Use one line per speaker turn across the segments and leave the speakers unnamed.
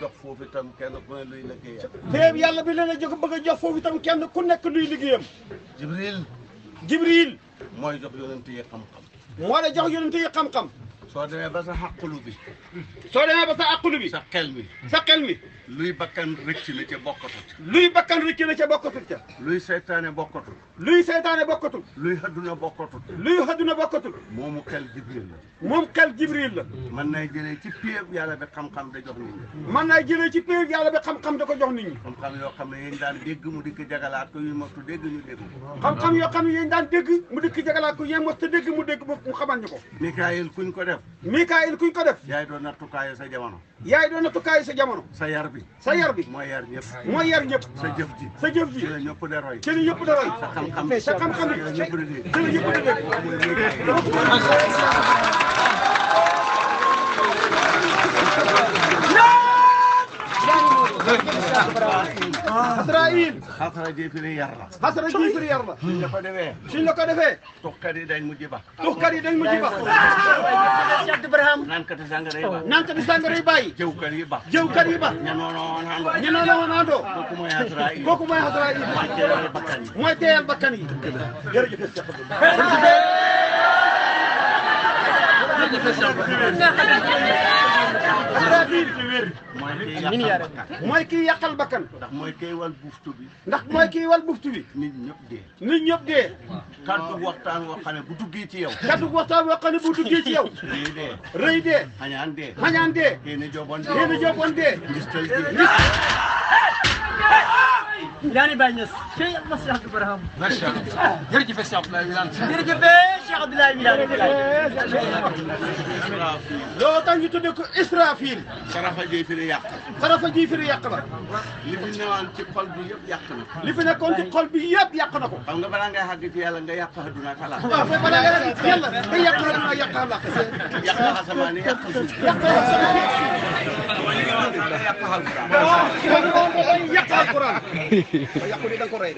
jox foofu itam kenn ku ne luy liggéeyam. te yàlla bi leen a jox bëgg a jox foofu itam kenn ku nekk luy liggéeyam. Jibril. Jibril. mooy jox yonent yi xam-xam. moo la jox yonent yi xam-xam. soo demee ba sa xaqulu bi. soo demee ba sa xaqulu bi. sa xel mi. sa xel mi. luy bakkan rëcc na ca bokkatul. luy bakkan rëcc na ca bokkatul ca. luy seytaane bokkatul. luy seytaane bokkatul. luy hadduna bokkatul. luy hadduna bokkatul. moomu xel jibril la. moom xel jibril la. mën nay jëlee ci péeb yàlla bi xam-xam da jox nit ñi. mën nay jëlee ci péeb yàlla bi xam-xam da ko jox nit ñi. xam-xam yoo xam ne yéen daan dégg mu dikk jagalaat ko yéen mostu dégg ñu dégg. xam-xam yoo xam ne daan dégg mu dikk jagalaat ko yéen mostu dégg mu dégg mu xamal ñu ko. kuñ ko def def Mikaayil kuñ ko def yaay doon nattukaayu sa jamono yaay doon nattukaayu sa jamono sa yar bi sa yar bi mooy yar ñëpp mooy yar ñëpp sa jëf ji sa jëf ji ci la ñëpp da roy ci la ñëpp da roy sa xam-xam sa xam-xam ci la ñëpp da dégg ci la ñëpp da dégg xasara in xasara jiituli yar la xasara jiituli yar la suñ la ko defee suñ la ko defee tuxkat yi dañ mujj ba tuxkat yi dañ mujj ba Cheikh Ibrahima nankati sangara yi ba nankati sangara yi bàyyi jëwkat yi ba jëwkat yi ba ñanoono woon àndoo ñanoono woon àndoo kooku mooy xasara yi kooku mooy xasara yi mooy teeyal bakkan yi mooy teeyal bakkan yi jërëjëf jërëjëf mooy kii yàqal bakkan ndax mooy kii wal buftu bi ndax mooy kii wal buftu nit ñëpp dee nit ñëpp dee kaddu waxtaan woo xam ne bu duggee ci yow kaddu waxtaan woo xam ne bu duggee ci yow rëy dee rëy dee xañaan dee xañaan dee yéen dee Ilaan Ibrahima Niass. tey am na Cheikh Ibrahima. macha allah jërëjëf Cheikh Abdoulaye Wilane. jërëjëf Cheikh Abdoulaye Wilane. loolu tax ñu tuddee ko Israfil. sarafa ji fi yàq. sarafa ji fi yàq la. li fi newoon ci xol bi yëpp yàq na. li fi nekkoon ci xol bi yëpp yàq na ko. xam nga balaa ngay àgg ci yàlla nga yàq adduna ak àllaaxira. waaw mais balaa ngay àgg ci yàlla nga yàq adduna yàq àllaaxira. yàq asamaan yi yàq suuf. yàq asamaan yi yàq suuf. yàq alquran. yàqu ni da nga ko rey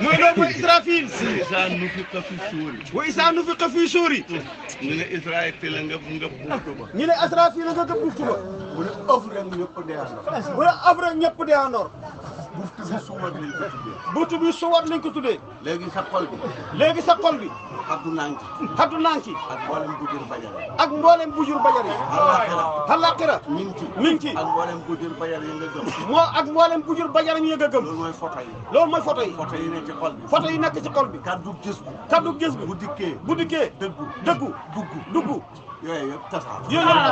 mooy loolu mooy Israfil. Isa nufiqa fi suuri. wa Isa nufiqa fi suuri. ñu ne Israfil la nga nga buxtu ba. ñu ne Israfil la nga nga buxtu ba. bu la ëff rek ñëpp dee àndoor. bu la ëff rek ñëpp dee àndoor. buft bi suwat lañ ko ko tuddee. léegi sa xol bi. léegi sa xol bi. xaddu nanki. xaddu nanki. ak mboolem bujur bajari. ak mboolem bujur bajari. halaqira. mi ngi ci mi ngi ak mboolem bujur bajari yi nga gëm. moo ak mboolem bujur bajari yi nga gëm. loolu mooy photo yi. loolu mooy photo yi. photo yi nekk ci xol bi. bi. kaddu gis bi. kaddu gis bi bu dikkee. bu dikkee dëggu dëggu dugg dugg. yooyu yëpp tasaaroo. yooyu yëpp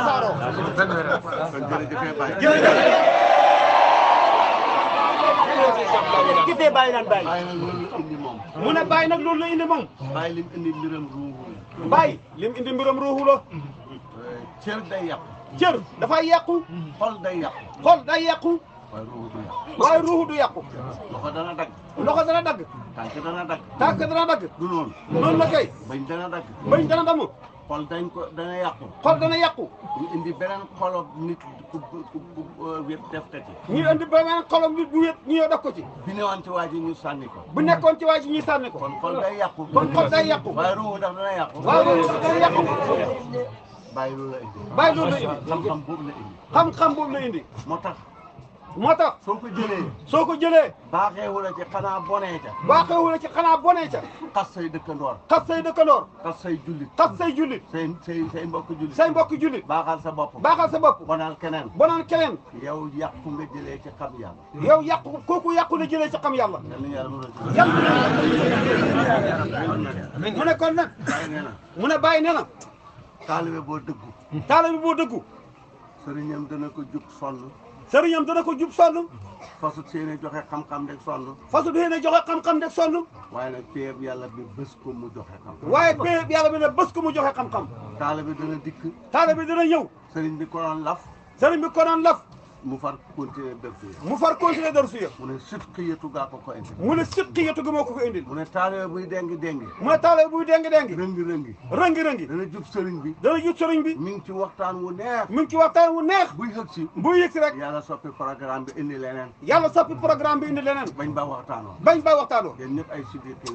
tasaaroo. jërëjëf gisee bàyyi naan bàyyi. bàyyi nag loolu la indi moom. mu ne bàyyi nag loolu la indi moom. bàyyi lim indi mbiram ruuxu. bàyyi lim indi mbiram ruuxu la. cër day yàqu. cër dafay yàqu. xol day yàqu. xol day yàqu. waaye ruuxu yàqu. waaye ruuxu du yàqu. loxo dana dagg. loxo dana dagg. tànk dana dagg. tànk dana dagg. du noonu. noonu la kay. bañ dana dagg. xol dañ ko dana yàqu. xol dana yàqu. ñu indi beneen xolob nit ku ku euh, wépp def ko ci. ñu indi beneen xolob nit bu wépp ñu yow def ko ci. bi newoon ci waa ji ñu sànni ko. bu nekkoon ci waa ji ñu sànni ko. kon xol day yàqu. kon xol day yàqu. waaye ruubu ndax dana yàqu. waaye ruubu ndax dana yàqu. bàyyi loolu la indi. bàyyi loolu la indi. xam-xam boobu la indi. xam-xam boobu la indi. moo tax. moo tax soo ko jëlee soo ko jëlee baaxeewu la ci xanaa bonee ca baaxeewu la ci xanaa bonee ca xas say dëkkandoor xas say dëkkandoor xas say jullit xas say jullit say say say mbokk jullit say mbokk jullit baaxal sa bopp baaxal sa bopp bonal keneen bonal keneen yow yàqu nga jëlee ci xam yàlla yow yàqu kooku yàqu la jëlee ci xam yàlla yàlla mu ne kon nag mu ne bàyyi na taalibe boo dëggu taalibe boo dëggu sëriñam dana ko jug sonn sëriñam dana ko jub sonn. fasut seen joxe xam-xam rek sonn. fasut seen joxe xam-xam rek sonn. waaye nag péeb yàlla bi bés ko mu joxe xam-xam. waaye péeb yàlla bi nag bés ko mu joxe xam-xam. taala bi dana dikk. taala bi dana ñëw. sëriñ bi ko daan laf. sëriñ bi ko laf. mu far continuer dërsuya mu far continuer dërsuya mu ne sitqiyatu gaa ko ko indi mu ne sitqiyatu gi moo ko ko indil mu ne taale buy dengi dengi mu ne taale buy dengi dengi rëngi rëngi rëngi rëngi dana jub sëriñ bi dana jub sëriñ bi mi ngi ci waxtaan wu neex mi ngi ci waxtaan wu neex buy yëg si buy yëg si rek yàlla soppi programme bi indi leneen yàlla soppi programme bi indi leneen bañ ba waxtaanoo bañ ba waxtaanoo yéen ñëpp ay sibir ki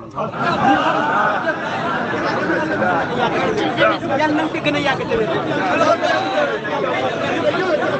yàlla nañ ko gën a yàgg